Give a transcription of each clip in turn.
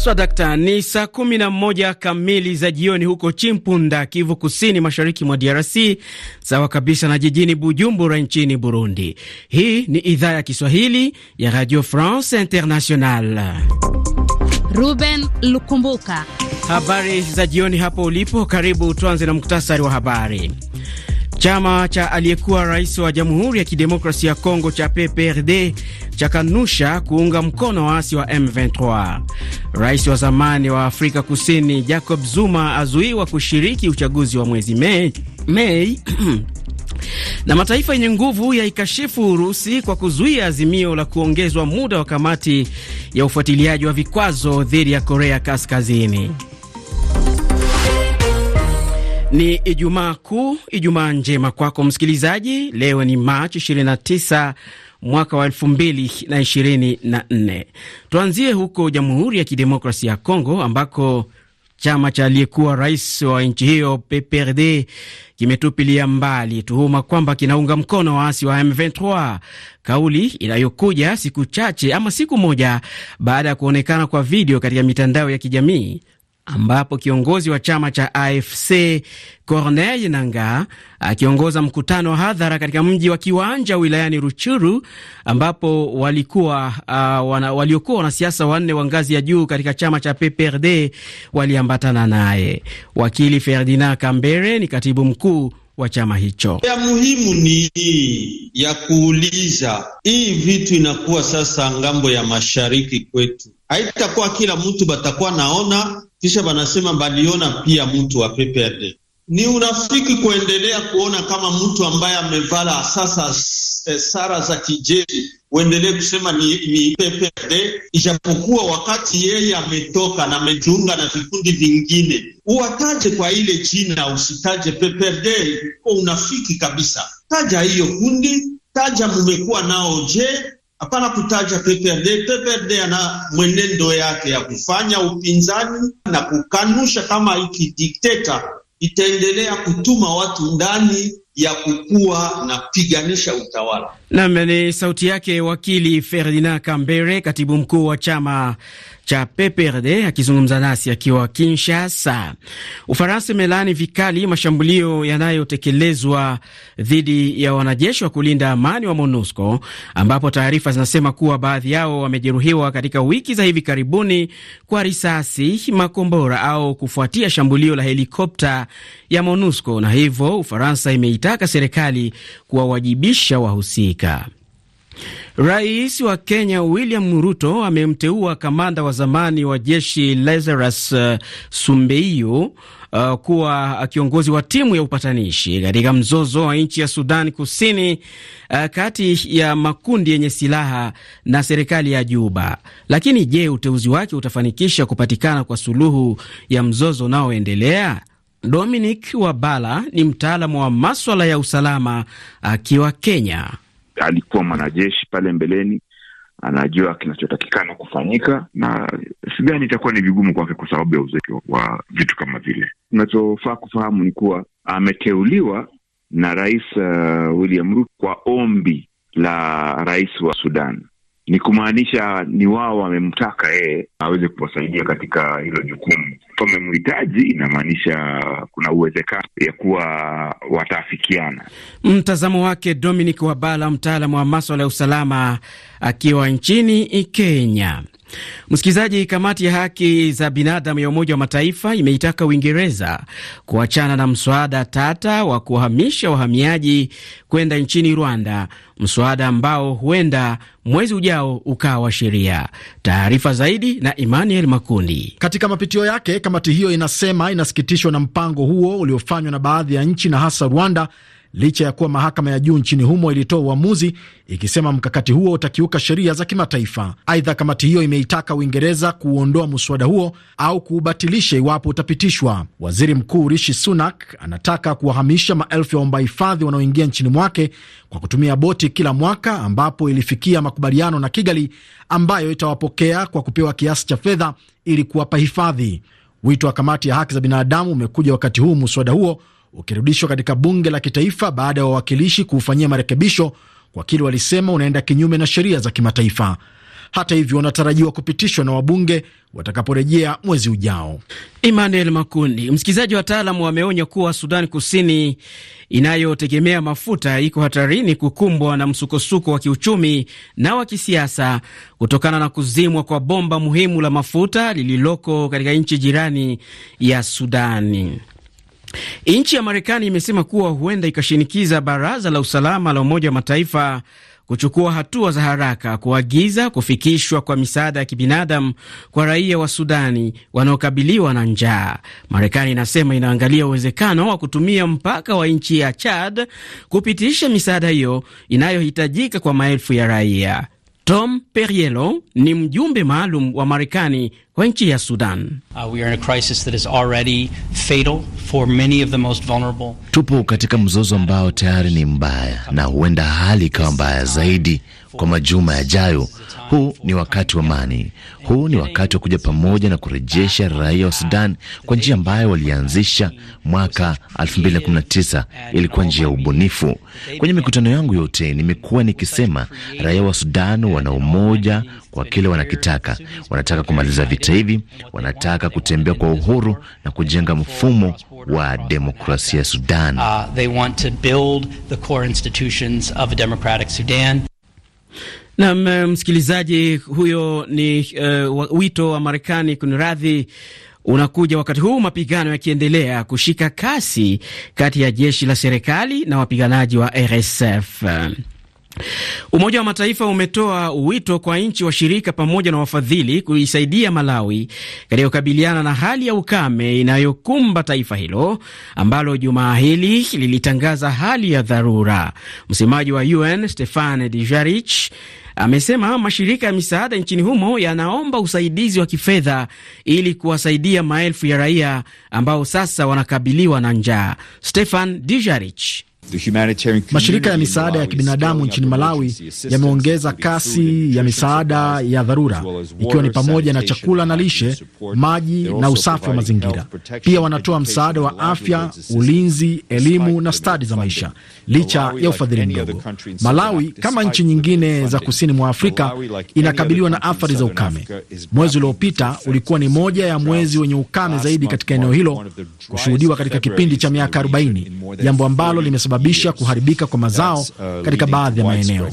Swa so, dakta, ni saa kumi na moja kamili za jioni huko Chimpunda, Kivu Kusini, mashariki mwa DRC, sawa kabisa na jijini Bujumbura nchini Burundi. Hii ni idhaa ya Kiswahili ya Radio France International. Ruben Lukumbuka, habari za jioni hapo ulipo. Karibu tuanze na muktasari wa habari. Chama cha aliyekuwa rais wa Jamhuri ya Kidemokrasia ya Kongo cha PPRD chakanusha kuunga mkono waasi wa M23. Rais wa zamani wa Afrika Kusini Jacob Zuma azuiwa kushiriki uchaguzi wa mwezi Mei, Mei na mataifa yenye nguvu yaikashifu Urusi kwa kuzuia azimio la kuongezwa muda wa kamati ya ufuatiliaji wa vikwazo dhidi ya Korea Kaskazini. Ni Ijumaa Kuu. Ijumaa njema kwako msikilizaji. Leo ni Machi 29 mwaka wa 2024. Tuanzie huko Jamhuri ya Kidemokrasia ya congo ambako chama cha aliyekuwa rais wa nchi hiyo PPRD kimetupilia mbali tuhuma kwamba kinaunga mkono waasi wa M23, kauli inayokuja siku chache ama siku moja baada ya kuonekana kwa video katika mitandao ya kijamii ambapo kiongozi wa chama cha AFC Corneille Nangaa akiongoza mkutano wa hadhara katika mji wa Kiwanja wilayani Ruchuru, ambapo walikuwa uh, wana, waliokuwa wanasiasa wanne wa ngazi ya juu katika chama cha PPRD waliambatana naye. Wakili Ferdinand Kambere ni katibu mkuu wa chama hicho. Ya muhimu ni hii ya kuuliza, hii vitu inakuwa sasa ngambo ya mashariki kwetu, haitakuwa kila mtu batakuwa naona kisha banasema baliona pia mtu wa PPRD. Ni unafiki kuendelea kuona kama mtu ambaye amevala sasa eh, sara za kijeshi uendelee kusema ni, ni PPRD, ijapokuwa wakati yeye ametoka na amejiunga na vikundi vingine. Uwataje kwa ile jina, usitaje PPRD, unafiki kabisa. Taja hiyo kundi, taja mumekuwa nao, je hapana kutaja PPRD. PPRD ana mwenendo yake ya kufanya upinzani na kukanusha kama ikidikteta itaendelea kutuma watu ndani ya kukua na piganisha utawala. Nam ni sauti yake wakili Ferdinand Kambere, katibu mkuu wa chama cha PPRD akizungumza nasi akiwa Kinshasa. Ufaransa imelaani vikali mashambulio yanayotekelezwa dhidi ya wanajeshi wa kulinda amani wa MONUSCO, ambapo taarifa zinasema kuwa baadhi yao wamejeruhiwa katika wiki za hivi karibuni kwa risasi, makombora au kufuatia shambulio la helikopta ya MONUSCO, na hivyo Ufaransa imeitaka serikali kuwawajibisha wahusika. Afrika. Rais wa Kenya William Ruto amemteua kamanda wa zamani wa jeshi Lazarus uh, Sumbeio Uh, kuwa kiongozi wa timu ya upatanishi katika mzozo wa nchi ya Sudan Kusini, uh, kati ya makundi yenye silaha na serikali ya Juba. Lakini je, uteuzi wake utafanikisha kupatikana kwa suluhu ya mzozo unaoendelea? Dominic Wabala ni mtaalamu wa maswala ya usalama akiwa Kenya alikuwa mwanajeshi pale mbeleni, anajua kinachotakikana kufanyika, na sidhani itakuwa ni vigumu kwake kwa sababu ya uzeki wa vitu kama vile. Unachofaa kufahamu ni kuwa ameteuliwa na Rais uh, William Ruto kwa ombi la rais wa Sudan ni kumaanisha ni wao wamemtaka yeye aweze kuwasaidia katika hilo jukumu. Wamemhitaji, inamaanisha kuna uwezekano ya kuwa wataafikiana. Mtazamo wake Dominic Wabala, mtaalamu wa maswala ya usalama akiwa nchini Kenya. Msikilizaji, kamati ya haki za binadamu ya Umoja wa Mataifa imeitaka Uingereza kuachana na mswada tata wa kuhamisha wahamiaji kwenda nchini Rwanda, mswada ambao huenda mwezi ujao ukawa sheria. Taarifa zaidi na Emmanuel Makundi. Katika mapitio yake, kamati hiyo inasema inasikitishwa na mpango huo uliofanywa na baadhi ya nchi na hasa Rwanda licha ya kuwa mahakama ya juu nchini humo ilitoa uamuzi ikisema mkakati huo utakiuka sheria za kimataifa. Aidha, kamati hiyo imeitaka Uingereza kuuondoa muswada huo au kuubatilisha iwapo utapitishwa. Waziri Mkuu Rishi Sunak anataka kuwahamisha maelfu ya waomba hifadhi wanaoingia nchini mwake kwa kutumia boti kila mwaka, ambapo ilifikia makubaliano na Kigali ambayo itawapokea kwa kupewa kiasi cha fedha ili kuwapa hifadhi. Wito wa kamati ya haki za binadamu umekuja wakati huu muswada huo ukirudishwa katika bunge la kitaifa baada ya wawakilishi kuufanyia marekebisho kwa kile walisema unaenda kinyume na sheria za kimataifa. Hata hivyo unatarajiwa kupitishwa na wabunge watakaporejea mwezi ujao. Emmanuel Makundi. Msikilizaji, wataalamu wameonya kuwa Sudan Kusini inayotegemea mafuta iko hatarini kukumbwa na msukosuko wa kiuchumi na wa kisiasa kutokana na kuzimwa kwa bomba muhimu la mafuta lililoko katika nchi jirani ya Sudani. Nchi ya Marekani imesema kuwa huenda ikashinikiza baraza la usalama la Umoja wa Mataifa kuchukua hatua za haraka kuagiza kufikishwa kwa misaada ya kibinadamu kwa raia wa Sudani wanaokabiliwa na njaa. Marekani inasema inaangalia uwezekano wa kutumia mpaka wa nchi ya Chad kupitisha misaada hiyo inayohitajika kwa maelfu ya raia. Tom Perriello ni mjumbe maalum wa Marekani kwa nchi ya Sudan. Uh, tupo katika mzozo ambao tayari ni mbaya na huenda hali ikawa mbaya zaidi kwa majuma yajayo huu ni wakati wa amani, huu ni wakati wa kuja pamoja na kurejesha raia wa Sudan kwa njia ambayo walianzisha mwaka 2019. Ilikuwa njia ya ubunifu. Kwenye mikutano yangu yote nimekuwa nikisema raia wa Sudan wana umoja kwa kile wanakitaka. Wanataka kumaliza vita hivi, wanataka kutembea kwa uhuru na kujenga mfumo wa demokrasia Sudan. Uh, they want to build the core institutions of a democratic Sudan. Nam eh, msikilizaji, huyo ni uh, wito wa Marekani kuniradhi unakuja wakati huu mapigano yakiendelea kushika kasi kati ya jeshi la serikali na wapiganaji wa RSF. Umoja wa Mataifa umetoa wito kwa nchi washirika pamoja na wafadhili kuisaidia Malawi katika kukabiliana na hali ya ukame inayokumba taifa hilo ambalo jumaa hili lilitangaza hali ya dharura. Msemaji wa UN Stefan Dijarich amesema mashirika ya misaada nchini humo yanaomba usaidizi wa kifedha ili kuwasaidia maelfu ya raia ambao sasa wanakabiliwa na njaa. Stefan Dijarich Mashirika ya misaada ya kibinadamu nchini Malawi yameongeza kasi ya misaada ya dharura ikiwa ni pamoja na chakula na lishe, maji na usafi wa mazingira. Pia wanatoa msaada wa afya, ulinzi, elimu na stadi za maisha, licha ya ufadhili mdogo. Malawi kama nchi nyingine za kusini mwa Afrika inakabiliwa na athari za ukame. Mwezi uliopita ulikuwa ni moja ya mwezi wenye ukame zaidi katika eneo hilo kushuhudiwa katika kipindi cha miaka 40, jambo ambalo limesababisha kusababisha kuharibika kwa mazao uh, katika baadhi ya maeneo.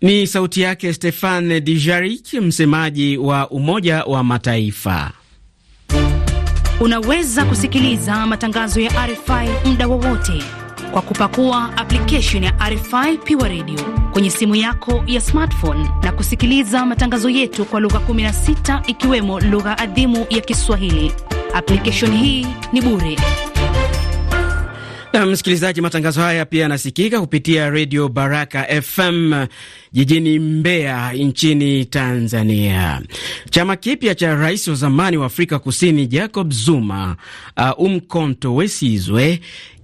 Ni sauti yake Stefan Dijarik, msemaji wa Umoja wa Mataifa. Unaweza kusikiliza matangazo ya RFI muda wowote kwa kupakua application ya RFI Pure Radio kwenye simu yako ya smartphone na kusikiliza matangazo yetu kwa lugha 16 ikiwemo lugha adhimu ya Kiswahili. Application hii ni bure. Msikilizaji, matangazo haya pia yanasikika kupitia redio Baraka FM jijini Mbeya nchini Tanzania. Chama kipya cha rais wa zamani wa Afrika Kusini Jacob Zuma, uh, Umkhonto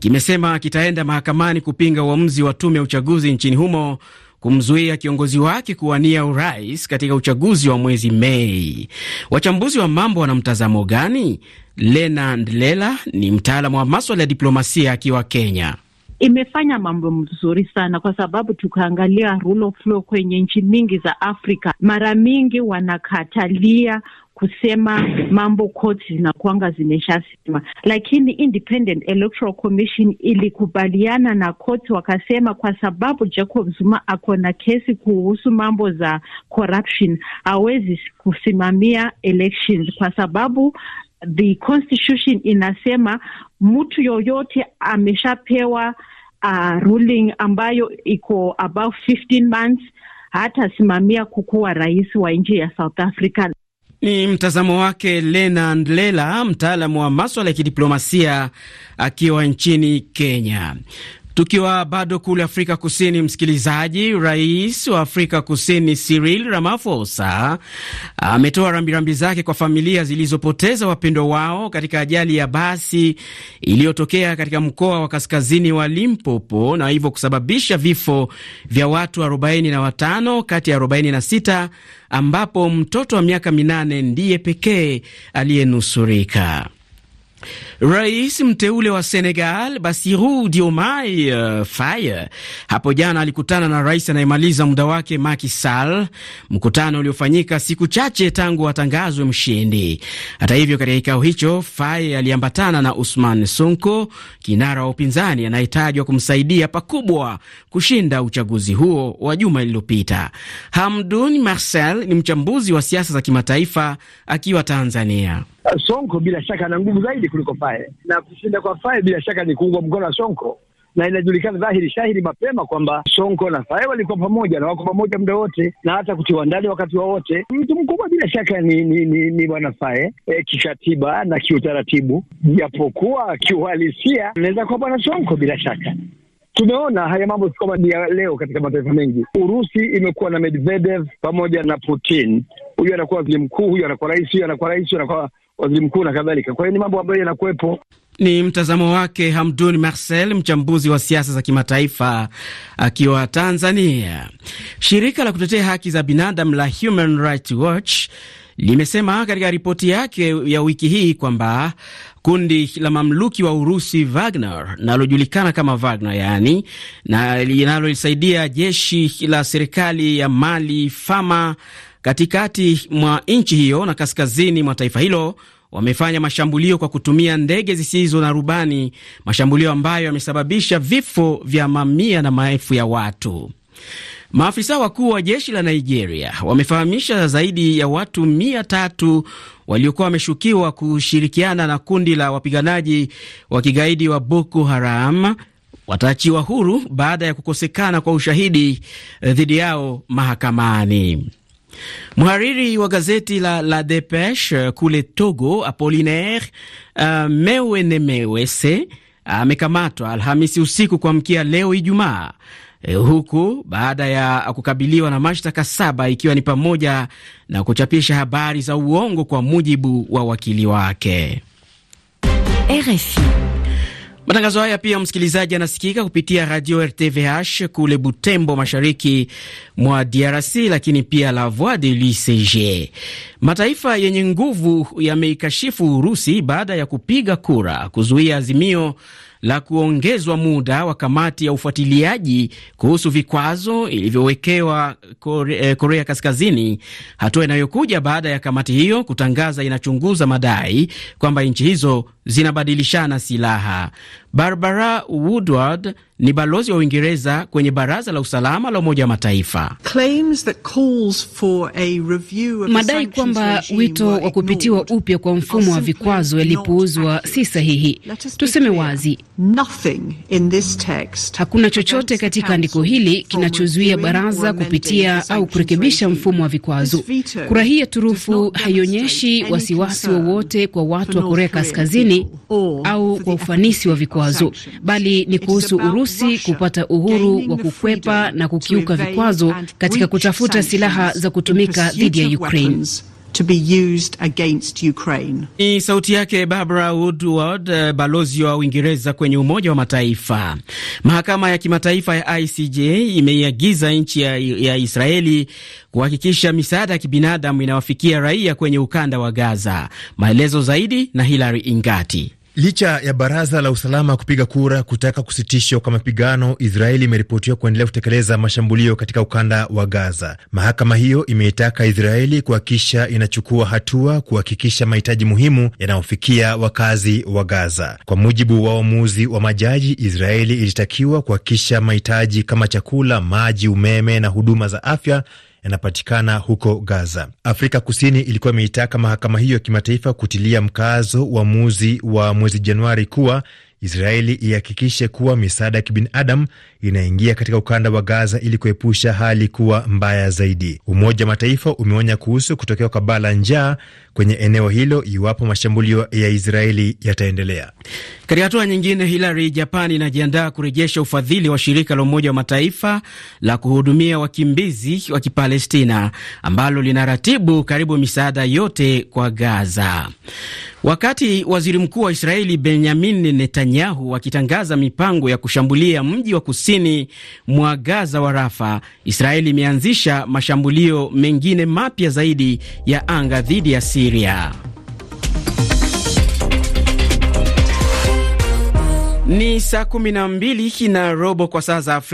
kimesema kitaenda mahakamani kupinga uamuzi wa tume ya uchaguzi nchini humo kumzuia kiongozi wake kuwania urais katika uchaguzi wa mwezi Mei. Wachambuzi wa mambo wana mtazamo gani? Lena Ndlela ni mtaalamu wa maswala ya diplomasia akiwa Kenya imefanya mambo mzuri sana, kwa sababu tukaangalia rule of law kwenye nchi mingi za Afrika, mara mingi wanakatalia kusema mambo koti zinakuanga zimeshasema, lakini Independent Electoral Commission ilikubaliana na koti, wakasema kwa sababu Jacob Zuma ako na kesi kuhusu mambo za corruption, hawezi kusimamia elections kwa sababu the constitution inasema mtu yoyote ameshapewa uh, ruling ambayo iko about 15 months hatasimamia kukuwa rais wa nchi ya South Africa. Ni mtazamo wake Lena Ndlela, mtaalamu wa maswala ya kidiplomasia akiwa nchini Kenya. Tukiwa bado kule Afrika Kusini, msikilizaji, rais wa Afrika Kusini Cyril Ramaphosa ametoa rambirambi zake kwa familia zilizopoteza wapendwa wao katika ajali ya basi iliyotokea katika mkoa wa kaskazini wa Limpopo na hivyo kusababisha vifo vya watu 45 kati ya 46 ambapo mtoto wa miaka minane ndiye pekee aliyenusurika. Rais mteule wa Senegal Bassirou Diomaye uh, Faye hapo jana alikutana na rais anayemaliza muda wake Macky Sall, mkutano uliofanyika siku chache tangu atangazwe mshindi. Hata hivyo, katika kikao hicho Faye aliambatana na Usman Sonko, kinara wa upinzani anayetajwa kumsaidia pakubwa kushinda uchaguzi huo wa juma lililopita. Hamdun Marcel ni mchambuzi wa siasa za kimataifa akiwa Tanzania. Sonko bila shaka ana nguvu zaidi kuliko Fae, na kushinda kwa Fae bila shaka ni kuungwa mkono wa Sonko, na inajulikana dhahiri shahiri mapema kwamba Sonko na Fae walikuwa pamoja na wako pamoja muda wote na hata kutiwa ndani wakati wowote. Mtu mkubwa bila shaka ni ni, ni, ni bwana Fae e, eh, kikatiba na kiutaratibu, japokuwa kiuhalisia anaweza kuwa bwana Sonko bila shaka. Tumeona haya mambo si kwamba ni ya leo. Katika mataifa mengi, Urusi imekuwa na Medvedev pamoja na Putin, huyu anakuwa waziri mkuu, huyu anakuwa rais, huyu anakuwa rais, huyu anakuwa waziri mkuu na kadhalika. Kwa hiyo ni mambo ambayo yanakuwepo. Ni mtazamo wake Hamdun Marcel, mchambuzi wa siasa za kimataifa akiwa Tanzania. Shirika la kutetea haki za binadamu la Human Rights Watch limesema katika ripoti yake ya wiki hii kwamba kundi la mamluki wa Urusi Wagner nalojulikana kama Wagner yani, na linalosaidia jeshi la serikali ya Mali fama katikati mwa nchi hiyo na kaskazini mwa taifa hilo wamefanya mashambulio kwa kutumia ndege zisizo na rubani, mashambulio ambayo yamesababisha vifo vya mamia na maelfu ya watu. Maafisa wakuu wa jeshi la Nigeria wamefahamisha zaidi ya watu mia tatu waliokuwa wameshukiwa kushirikiana na kundi la wapiganaji wa kigaidi wa Boko Haram wataachiwa huru baada ya kukosekana kwa ushahidi eh, dhidi yao mahakamani. Mhariri wa gazeti la La Depeche uh, kule Togo, Apolinaire uh, Mewe Nemewese amekamatwa uh, Alhamisi usiku kuamkia leo Ijumaa E, huku baada ya kukabiliwa na mashtaka saba ikiwa ni pamoja na kuchapisha habari za uongo kwa mujibu wa wakili wake RFI. Matangazo haya pia msikilizaji anasikika kupitia radio RTVH kule Butembo, mashariki mwa DRC, lakini pia la Voix de l'UCG. Mataifa yenye nguvu yameikashifu Urusi baada ya kupiga kura kuzuia azimio la kuongezwa muda wa kamati ya ufuatiliaji kuhusu vikwazo ilivyowekewa Korea, eh, Korea Kaskazini, hatua inayokuja baada ya kamati hiyo kutangaza inachunguza madai kwamba nchi hizo zinabadilishana silaha. Barbara Woodward ni balozi wa Uingereza kwenye Baraza la Usalama la Umoja wa Mataifa. Madai kwamba wito wa kupitiwa upya kwa mfumo wa vikwazo yalipuuzwa si sahihi. Tuseme wazi, hakuna chochote katika andiko hili kinachozuia baraza kupitia au kurekebisha mfumo wa vikwazo. Kurahia turufu haionyeshi wasiwasi wowote kwa watu wa Korea Kaskazini au kwa ufanisi wa vikwazo, bali ni kuhusu Urusi kupata uhuru wa kukwepa na kukiuka vikwazo katika kutafuta silaha za kutumika dhidi ya Ukraine. To be used against Ukraine. Ni sauti yake Barbara Woodward, eh, balozi wa Uingereza kwenye Umoja wa Mataifa. Mahakama ya Kimataifa ya ICJ imeiagiza nchi ya, ya Israeli kuhakikisha misaada ya kibinadamu inawafikia raia kwenye ukanda wa Gaza. Maelezo zaidi na Hilary Ingati. Licha ya baraza la usalama kupiga kura kutaka kusitishwa kwa mapigano, Israeli imeripotiwa kuendelea kutekeleza mashambulio katika ukanda wa Gaza. Mahakama hiyo imeitaka Israeli kuhakikisha inachukua hatua kuhakikisha mahitaji muhimu yanayofikia wakazi wa Gaza. Kwa mujibu wa uamuzi wa majaji, Israeli ilitakiwa kuhakikisha mahitaji kama chakula, maji, umeme na huduma za afya yanapatikana huko Gaza. Afrika Kusini ilikuwa imeitaka mahakama hiyo ya kimataifa kutilia mkazo uamuzi wa, wa mwezi Januari kuwa Israeli ihakikishe kuwa misaada ya kibinadamu inaingia katika ukanda wa Gaza ili kuepusha hali kuwa mbaya zaidi. Umoja wa Mataifa umeonya kuhusu kutokea kwa baa la njaa kwenye eneo hilo iwapo mashambulio ya Israeli yataendelea. Katika hatua nyingine, Hilary, Japan inajiandaa kurejesha ufadhili wa shirika la Umoja wa Mataifa la kuhudumia wakimbizi wa Kipalestina ambalo linaratibu karibu misaada yote kwa Gaza, wakati waziri mkuu wa Israeli Benyamin Netanyahu Netanyahu akitangaza mipango ya kushambulia mji wa kusini mwa Gaza wa Rafa, Israeli imeanzisha mashambulio mengine mapya zaidi ya anga dhidi ya Siria. Ni saa kumi na mbili na robo kwa saa za Afrika.